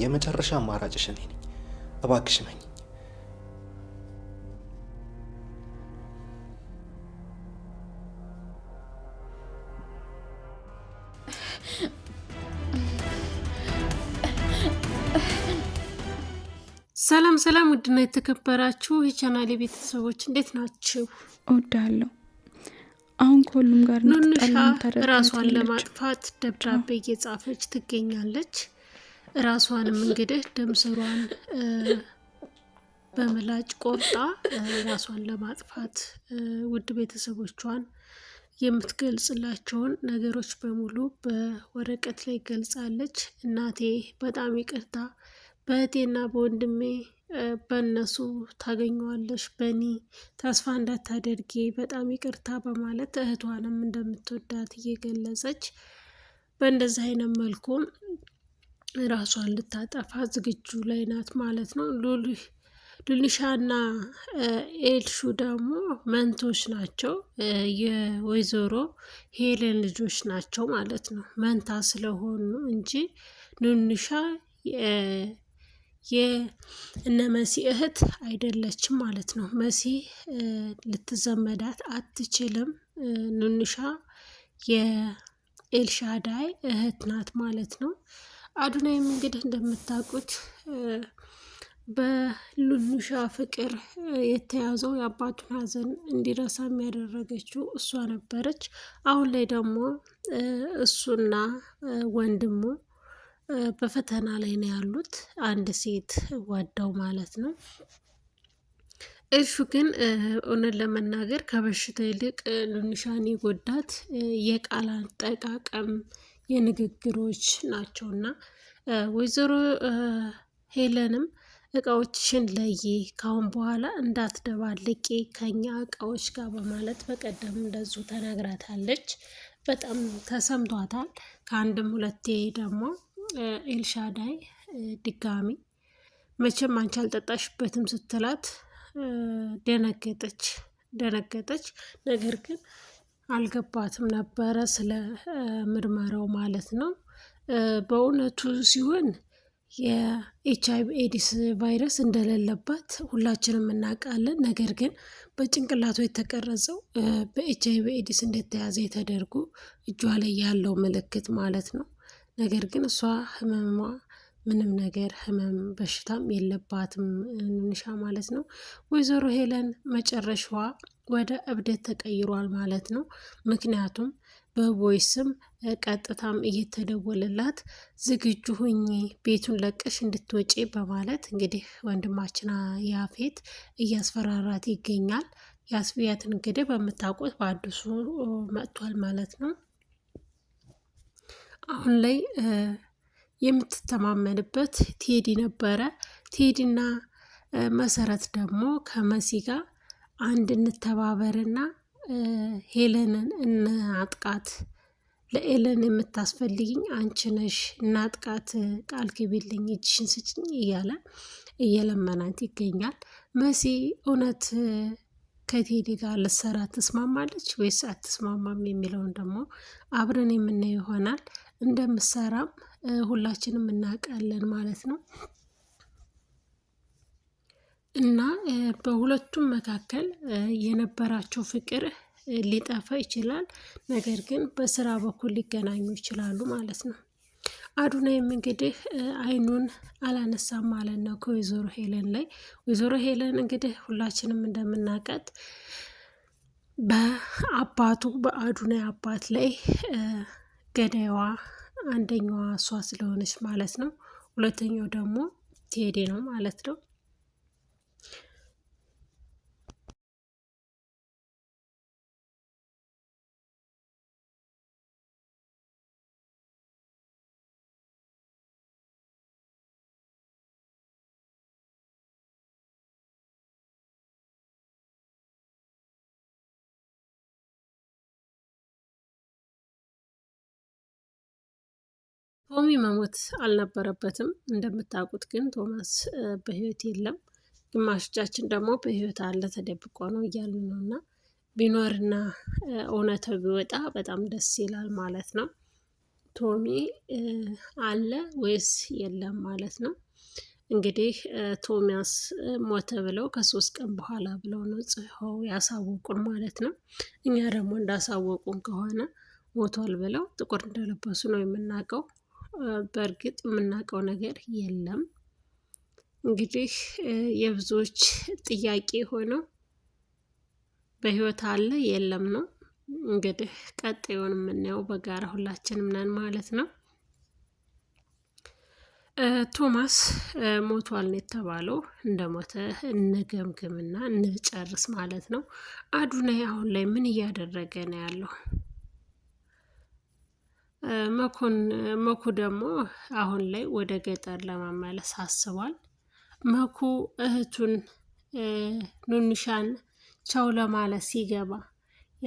የመጨረሻ አማራጭሽ እኔ ነኝ። እባክሽ መኝ ሰላም ሰላም፣ ውድና የተከበራችሁ የቻናሌ ቤተሰቦች እንዴት ናችሁ? እወዳለሁ። አሁን ከሁሉም ጋር ኑኑሻ ራሷን ለማጥፋት ደብዳቤ እየጻፈች ትገኛለች። ራሷንም እንግዲህ ደም ስሯን በምላጭ ቆርጣ ራሷን ለማጥፋት ውድ ቤተሰቦቿን የምትገልጽላቸውን ነገሮች በሙሉ በወረቀት ላይ ገልጻለች። እናቴ በጣም ይቅርታ በእህቴና በወንድሜ በእነሱ ታገኘዋለሽ፣ በኒ ተስፋ እንዳታደርጊ በጣም ይቅርታ በማለት እህቷንም እንደምትወዳት እየገለጸች በእንደዚህ አይነት መልኩ ራሷን ልታጠፋ ዝግጁ ላይ ናት ማለት ነው። ሉልሻና ኤልሹ ደግሞ መንቶች ናቸው። የወይዘሮ ሄለን ልጆች ናቸው ማለት ነው። መንታ ስለሆኑ እንጂ ኑንሻ የእነ መሲ እህት አይደለችም ማለት ነው። መሲ ልትዘመዳት አትችልም። ኑንሻ የኤልሻዳይ እህት ናት ማለት ነው። አዱናይም እንግዲህ እንደምታውቁት በሉኑሻ ፍቅር የተያዘው የአባቱን ሐዘን እንዲረሳ የሚያደረገችው እሷ ነበረች። አሁን ላይ ደግሞ እሱና ወንድሙ በፈተና ላይ ነው ያሉት፣ አንድ ሴት ዋዳው ማለት ነው። እሹ ግን እውነት ለመናገር ከበሽታ ይልቅ ሉኑሻን ጎዳት የቃል አጠቃቀም የንግግሮች ናቸውና ወይዘሮ ሄለንም እቃዎችሽን ለይ ካሁን በኋላ እንዳትደባልቂ ከኛ እቃዎች ጋር በማለት በቀደም እንደዙ ተናግራታለች። በጣም ተሰምቷታል። ከአንድም ሁለቴ ደግሞ ኤልሻዳይ ድጋሚ መቼም አንቺ አልጠጣሽበትም ስትላት ደነገጠች ደነገጠች። ነገር ግን አልገባትም ነበረ ስለ ምርመራው ማለት ነው። በእውነቱ ሲሆን የኤች አይቪ ኤዲስ ቫይረስ እንደሌለባት ሁላችንም እናውቃለን። ነገር ግን በጭንቅላቷ የተቀረጸው በኤች አይቪ ኤዲስ እንደተያዘ የተደርጉ እጇ ላይ ያለው ምልክት ማለት ነው። ነገር ግን እሷ ህመማ ምንም ነገር ህመም በሽታም የለባትም እንሻ ማለት ነው። ወይዘሮ ሄለን መጨረሻዋ ወደ እብደት ተቀይሯል ማለት ነው። ምክንያቱም በቮይስም ቀጥታም እየተደወለላት ዝግጁ ሁኚ፣ ቤቱን ለቀሽ እንድትወጪ በማለት እንግዲህ ወንድማችን ያፌት እያስፈራራት ይገኛል። ያስብያትን እንግዲህ በምታውቁት በአዲሱ መጥቷል ማለት ነው አሁን ላይ የምትተማመንበት ቴዲ ነበረ። ቴዲና መሰረት ደግሞ ከመሲ ጋር አንድ እንተባበርና ሄለንን እናጥቃት፣ ለኤለን የምታስፈልግኝ አንቺ ነሽ፣ እናጥቃት፣ ቃል ግቢልኝ፣ እጅሽን ስጭኝ እያለ እየለመናት ይገኛል። መሲ እውነት ከቴዲ ጋር ልትሰራ ትስማማለች ወይስ አትስማማም የሚለውን ደግሞ አብረን የምናየው ይሆናል። እንደምሰራም ሁላችንም እናውቃለን ማለት ነው። እና በሁለቱም መካከል የነበራቸው ፍቅር ሊጠፋ ይችላል፣ ነገር ግን በስራ በኩል ሊገናኙ ይችላሉ ማለት ነው። አዱናይም እንግዲህ አይኑን አላነሳም ማለት ነው ከወይዘሮ ሄለን ላይ። ወይዘሮ ሄለን እንግዲህ ሁላችንም እንደምናውቃት በአባቱ በአዱናይ አባት ላይ ገዳይዋ አንደኛዋ እሷ ስለሆነች ማለት ነው። ሁለተኛው ደግሞ ቴዲ ነው ማለት ነው። ቶሚ መሞት አልነበረበትም። እንደምታውቁት ግን ቶማስ በህይወት የለም። ግማሾቻችን ደግሞ በህይወት አለ ተደብቆ ነው እያሉ ነው እና ቢኖርና እውነተ ቢወጣ በጣም ደስ ይላል ማለት ነው። ቶሚ አለ ወይስ የለም ማለት ነው። እንግዲህ ቶሚያስ ሞተ ብለው ከሶስት ቀን በኋላ ብለው ነው ጽፈው ያሳወቁን ማለት ነው። እኛ ደግሞ እንዳሳወቁን ከሆነ ሞቷል ብለው ጥቁር እንደለበሱ ነው የምናውቀው። በእርግጥ የምናውቀው ነገር የለም። እንግዲህ የብዙዎች ጥያቄ ሆነው በህይወት አለ የለም ነው። እንግዲህ ቀጣዩን የምናየው በጋራ ሁላችንም ነን ማለት ነው። ቶማስ ሞቷል ነው የተባለው። እንደ ሞተ እንገምግምና እንጨርስ ማለት ነው። አዱናይ አሁን ላይ ምን እያደረገ ነው ያለው? መኩን መኩ ደግሞ አሁን ላይ ወደ ገጠር ለማመለስ አስቧል። መኩ እህቱን ኑንሻን ቸው ለማለት ሲገባ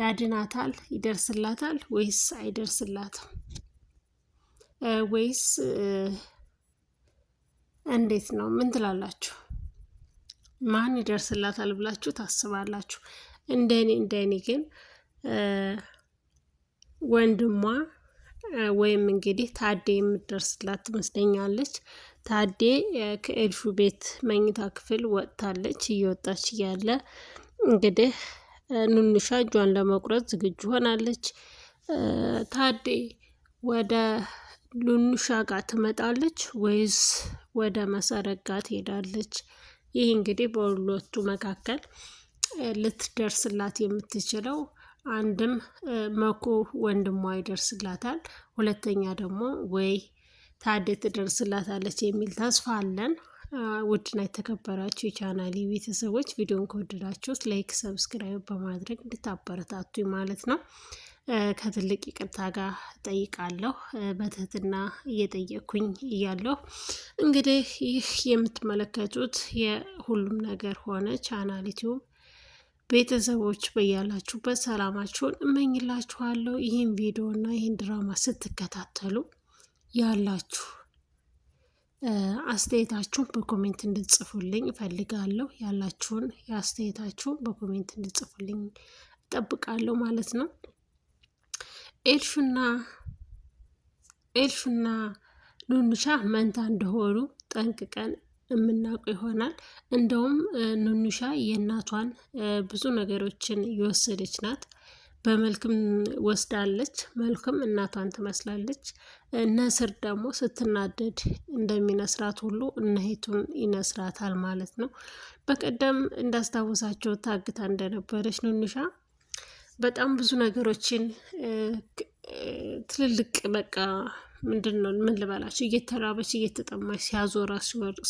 ያድናታል? ይደርስላታል? ወይስ አይደርስላትም? ወይስ እንዴት ነው? ምን ትላላችሁ? ማን ይደርስላታል ብላችሁ ታስባላችሁ? እንደኔ እንደኔ ግን ወንድሟ ወይም እንግዲህ ታዴ የምትደርስላት ትመስለኛለች። ታዴ ከኤልሹ ቤት መኝታ ክፍል ወጥታለች። እየወጣች እያለ እንግዲህ ኑንሻ እጇን ለመቁረጥ ዝግጁ ሆናለች። ታዴ ወደ ኑንሻ ጋር ትመጣለች ወይስ ወደ መሰረት ጋር ትሄዳለች? ይህ እንግዲህ በሁለቱ መካከል ልትደርስላት የምትችለው አንድም መኩ ወንድሟ ይደርስላታል፣ ሁለተኛ ደግሞ ወይ ታዴ ትደርስላታለች የሚል ተስፋ አለን። ውድና የተከበራችሁ የቻናል ቤተሰቦች ቪዲዮን ከወደዳችሁት ላይክ፣ ሰብስክራይብ በማድረግ እንድታበረታቱኝ ማለት ነው ከትልቅ ይቅርታ ጋር ጠይቃለሁ። በትህትና እየጠየቅኩኝ እያለሁ እንግዲህ ይህ የምትመለከቱት የሁሉም ነገር ሆነ ቻናል ዩቲዩብ ቤተሰቦች በያላችሁበት ሰላማችሁን እመኝላችኋለሁ። ይህን ቪዲዮ እና ይህን ድራማ ስትከታተሉ ያላችሁ አስተያየታችሁን በኮሜንት እንድጽፉልኝ እፈልጋለሁ። ያላችሁን የአስተያየታችሁን በኮሜንት እንድጽፉልኝ እጠብቃለሁ ማለት ነው። ኤልፍና ኤልፍና ኑኑሻ መንታ እንደሆኑ ጠንቅቀን የምናውቀው ይሆናል። እንደውም ኑኑሻ የእናቷን ብዙ ነገሮችን እየወሰደች ናት። በመልክም ወስዳለች። መልክም እናቷን ትመስላለች። ነስር ደግሞ ስትናደድ እንደሚነስራት ሁሉ እነሂቱን ይነስራታል ማለት ነው። በቀደም እንዳስታወሳቸው ታግታ እንደነበረች ኑኑሻ በጣም ብዙ ነገሮችን ትልልቅ በቃ ምንድን ነው ምን ልበላቸው እየተራበች እየተጠማች ሲያዞራ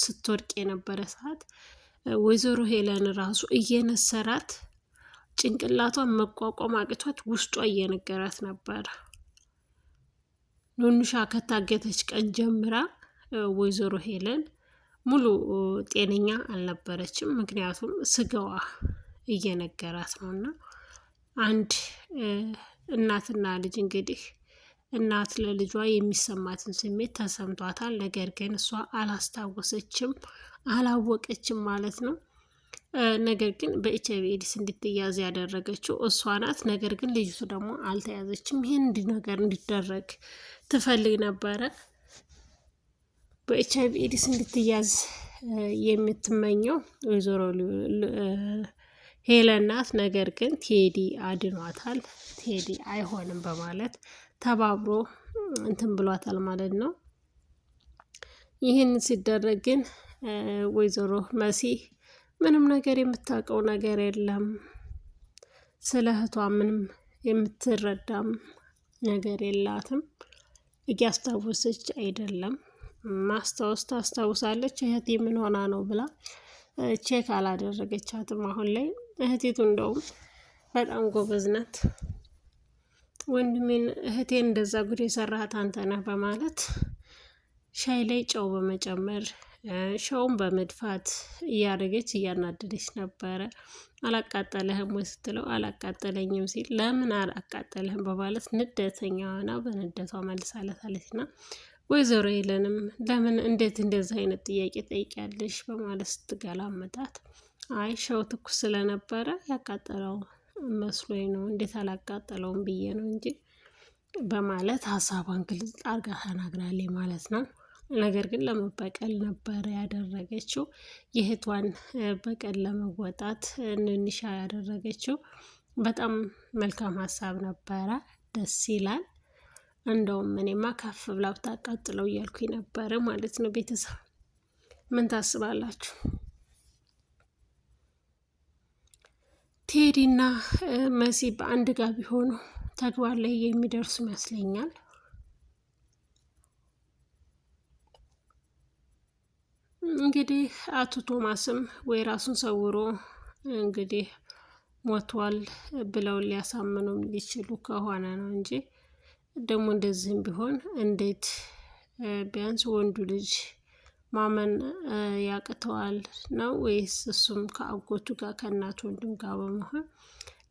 ስትወድቅ የነበረ ሰዓት ወይዘሮ ሄለን ራሱ እየነሰራት ጭንቅላቷን መቋቋም አቅቷት ውስጧ እየነገራት ነበረ። ኑኑሻ ከታገተች ቀን ጀምራ ወይዘሮ ሄለን ሙሉ ጤነኛ አልነበረችም። ምክንያቱም ስጋዋ እየነገራት ነው እና አንድ እናትና ልጅ እንግዲህ እናት ለልጇ የሚሰማትን ስሜት ተሰምቷታል። ነገር ግን እሷ አላስታወሰችም፣ አላወቀችም ማለት ነው። ነገር ግን በኤች አይቪ ኤድስ እንድትያዝ ያደረገችው እሷ ናት። ነገር ግን ልጅቱ ደግሞ አልተያዘችም። ይህን እንዲ ነገር እንዲደረግ ትፈልግ ነበረ። በኤች አይቪ ኤድስ እንድትያዝ የምትመኘው ወይዘሮ ሄለን ናት። ነገር ግን ቴዲ አድኗታል። ቴዲ አይሆንም በማለት ተባብሮ እንትን ብሏታል ማለት ነው። ይህን ሲደረግ ግን ወይዘሮ መሲ ምንም ነገር የምታውቀው ነገር የለም። ስለ እህቷ ምንም የምትረዳም ነገር የላትም። እያስታወሰች አይደለም። ማስታወስ ታስታውሳለች፣ እህቴ ምን ሆና ነው ብላ ቼክ አላደረገቻትም። አሁን ላይ እህቲቱ እንደውም በጣም ጎበዝ ናት። ወንድሜን እህቴን እንደዛ ጉድ የሰራሃት አንተ ነህ በማለት ሻይ ላይ ጨው በመጨመር ሻውን በመድፋት እያደረገች እያናደደች ነበረ። አላቃጠለህም ወይ ስትለው አላቃጠለኝም ሲል ለምን አላቃጠለህም በማለት ንደተኛ ሆና በንደቷ መልሳለታለች። ና ወይዘሮ የለንም ለምን እንዴት እንደዚህ አይነት ጥያቄ ጠይቂያለሽ በማለት ስትገላመጣት አይ ሻው ትኩስ ስለነበረ ያቃጠለው መስሎኝ ነው እንዴት አላቃጠለውም ብዬ ነው እንጂ በማለት ሀሳቧን ግልጽ አድርጋ ተናግራለች ማለት ነው። ነገር ግን ለመበቀል ነበረ ያደረገችው የእህቷን በቀል ለመወጣት ንንሻ ያደረገችው በጣም መልካም ሀሳብ ነበረ። ደስ ይላል። እንደውም እኔማ ከፍ ብላ ብታቃጥለው እያልኩኝ ነበረ ማለት ነው። ቤተሰብ ምን ታስባላችሁ? ቴዲና መሲ በአንድ ጋር ቢሆኑ ተግባር ላይ የሚደርሱ ይመስለኛል። እንግዲህ አቶ ቶማስም ወይ ራሱን ሰውሮ እንግዲህ ሞቷል ብለው ሊያሳምኑም ሊችሉ ከሆነ ነው እንጂ ደግሞ እንደዚህም ቢሆን እንዴት ቢያንስ ወንዱ ልጅ ማመን ያቅተዋል ነው ወይስ እሱም ከአጎቱ ጋር ከእናት ወንድም ጋር በመሆን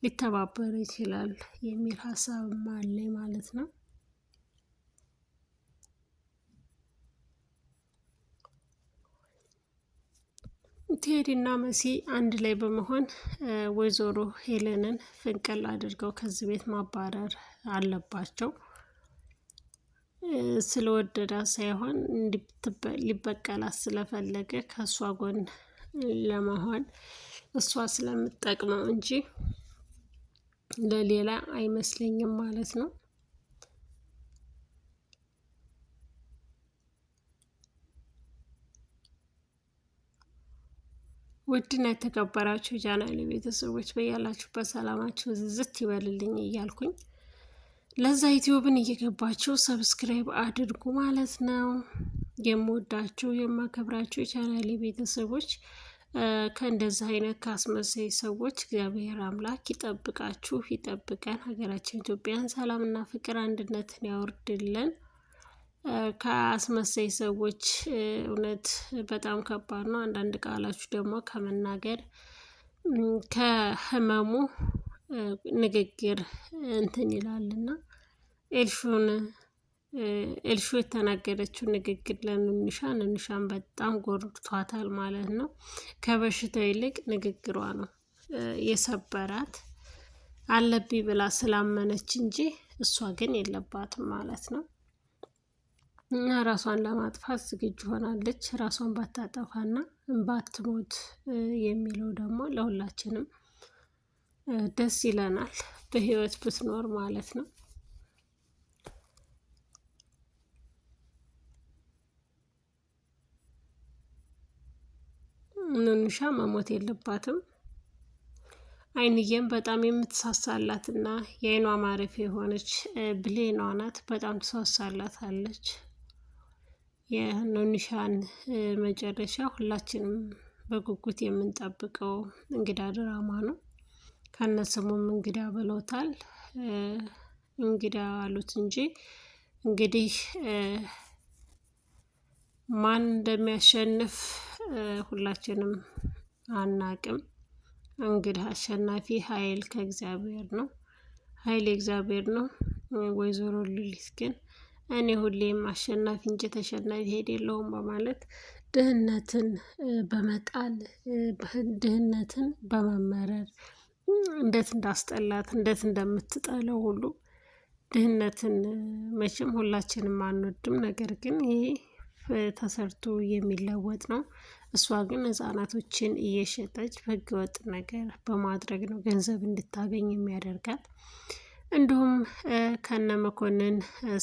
ሊተባበር ይችላል የሚል ሀሳብ አለ ማለት ነው። ቴዲ እና መሲ አንድ ላይ በመሆን ወይዘሮ ሄለንን ፍንቅል አድርገው ከዚህ ቤት ማባረር አለባቸው። ስለወደዳ ሳይሆን ሊበቀላት ስለፈለገ ከእሷ ጎን ለመሆን እሷ ስለምጠቅመው እንጂ ለሌላ አይመስለኝም ማለት ነው። ውድና የተከበራችሁ ጃናሌ ቤተሰቦች በያላችሁበት ሰላማችሁ ዝዝት ይበልልኝ እያልኩኝ ለዛ ዩቲዩብን እየገባችሁ ሰብስክራይብ አድርጉ ማለት ነው። የምወዳችሁ የማከብራችሁ የቻናሌ ቤተሰቦች ከእንደዚህ አይነት ከአስመሳይ ሰዎች እግዚአብሔር አምላክ ይጠብቃችሁ፣ ይጠብቀን። ሀገራችን ኢትዮጵያን ሰላምና ፍቅር አንድነትን ያወርድልን። ከአስመሳይ ሰዎች እውነት በጣም ከባድ ነው። አንዳንድ ቃላችሁ ደግሞ ከመናገር ከህመሙ ንግግር እንትን ይላልና ኤልሹን ኤልሹ የተናገረችው ንግግር ለንንሻ ንንሻን በጣም ጎርቷታል ማለት ነው። ከበሽታው ይልቅ ንግግሯ ነው የሰበራት። አለብኝ ብላ ስላመነች እንጂ እሷ ግን የለባትም ማለት ነው። እና ራሷን ለማጥፋት ዝግጁ ሆናለች። ራሷን ባታጠፋና ባትሞት የሚለው ደግሞ ለሁላችንም ደስ ይለናል በህይወት ብትኖር ማለት ነው። ኑኑሻ መሞት የለባትም። አይንዬም በጣም የምትሳሳላት እና የአይኗ ማረፊያ የሆነች ብሌኗ ናት። በጣም ትሳሳላት አለች። የኑኑሻን መጨረሻ ሁላችንም በጉጉት የምንጠብቀው እንግዳ ድራማ ነው። ከነስሙም እንግዳ ብሎታል። እንግዳ አሉት እንጂ እንግዲህ ማን እንደሚያሸንፍ ሁላችንም አናቅም። እንግዲህ አሸናፊ ኃይል ከእግዚአብሔር ነው። ኃይል የእግዚአብሔር ነው። ወይዘሮ ሉሊት ግን እኔ ሁሌም አሸናፊ እንጂ ተሸናፊ ሄድ የለውም በማለት ድህነትን በመጣል ድህነትን በመመረር እንዴት እንዳስጠላት እንዴት እንደምትጠለው ሁሉ ድህነትን መቼም ሁላችንም አንወድም። ነገር ግን ይሄ ተሰርቶ የሚለወጥ ነው። እሷ ግን ህጻናቶችን እየሸጠች በህገወጥ ነገር በማድረግ ነው ገንዘብ እንድታገኝ የሚያደርጋት። እንዲሁም ከነ መኮንን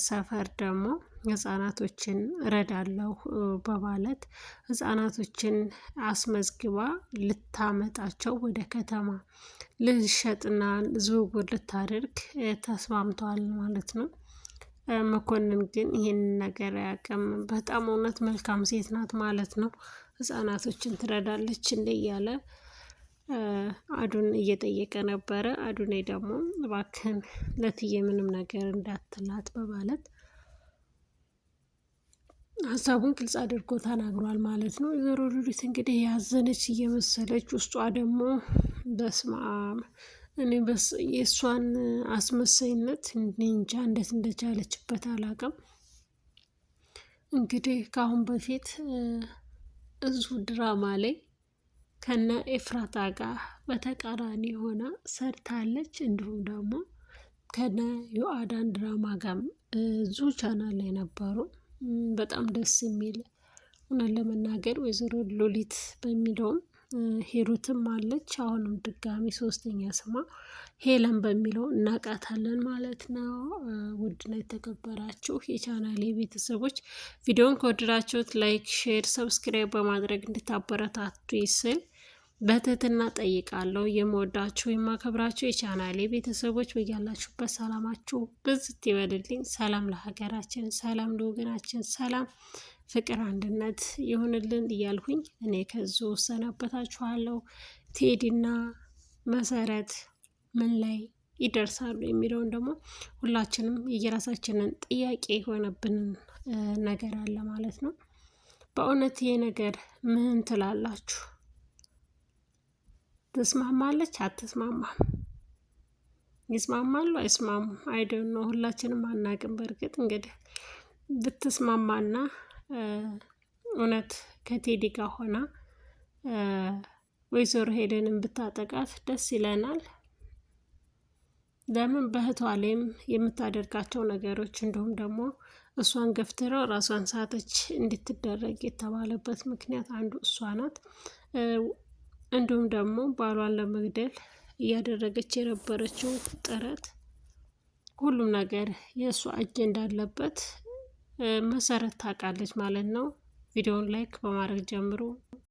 ሰፈር ደግሞ ህጻናቶችን እረዳለሁ በማለት ህጻናቶችን አስመዝግባ ልታመጣቸው ወደ ከተማ ልሸጥና ዝውውር ልታደርግ ተስማምተዋል ማለት ነው። መኮንን ግን ይህን ነገር አያውቅም። በጣም እውነት መልካም ሴት ናት ማለት ነው። ህጻናቶችን ትረዳለች እንደ እያለ አዱን እየጠየቀ ነበረ። አዱኔ ደግሞ እባክህን ለትዬ ምንም ነገር እንዳትላት በማለት ሀሳቡን ግልጽ አድርጎ ተናግሯል ማለት ነው። ወይዘሮ ሉሊት እንግዲህ ያዘነች እየመሰለች ውስጧ ደግሞ በስማም እኔ በስ የእሷን አስመሳይነት እንጃ እንዴት እንደቻለችበት አላውቅም። እንግዲህ ከአሁን በፊት እዙ ድራማ ላይ ከነ ኤፍራታ ጋር በተቃራኒ ሆና ሰርታለች። እንዲሁም ደግሞ ከነ ዮአዳን ድራማ ጋር እዙ ቻናል ላይ ነበሩ። በጣም ደስ የሚል እውነት ለመናገር ወይዘሮ ሉሊት በሚለውም ሂሩትም አለች። አሁንም ድጋሚ ሶስተኛ ስማ ሄለን በሚለው እናቃታለን ማለት ነው። ውድና የተከበራችሁ የቻናሌ ቤተሰቦች ቪዲዮን ከወደዳችሁት ላይክ፣ ሼር፣ ሰብስክራይብ በማድረግ እንድታበረታቱ ይስል በትህትና ጠይቃለሁ። የምወዳችሁ የማከብራችሁ የቻናሌ ቤተሰቦች በያላችሁበት ሰላማችሁ ብዝት ይበልልኝ። ሰላም ለሀገራችን፣ ሰላም ለወገናችን፣ ሰላም ፍቅር፣ አንድነት ይሁንልን እያልሁኝ እኔ ከዚሁ እሰናበታችኋለሁ። ቴዲና መሰረት ምን ላይ ይደርሳሉ የሚለውን ደግሞ ሁላችንም የየራሳችንን ጥያቄ የሆነብንን ነገር አለ ማለት ነው። በእውነት ይሄ ነገር ምን ትላላችሁ? ትስማማለች አትስማማም? ይስማማሉ አይስማሙም? አይደን ነው ሁላችንም አናቅም። በእርግጥ እንግዲህ ብትስማማና እውነት ከቴዲ ጋር ሆና ወይዘሮ ሄደንን ብታጠቃት ደስ ይለናል። ለምን በህቷ ላይም የምታደርጋቸው ነገሮች እንዲሁም ደግሞ እሷን ገፍትረው ራሷን ሳተች እንድትደረግ የተባለበት ምክንያት አንዱ እሷ ናት። እንዲሁም ደግሞ ባሏን ለመግደል እያደረገች የነበረችው ጥረት ሁሉም ነገር የእሷ እጅ እንዳለበት መሰረት ታውቃለች ማለት ነው። ቪዲዮን ላይክ በማድረግ ጀምሩ።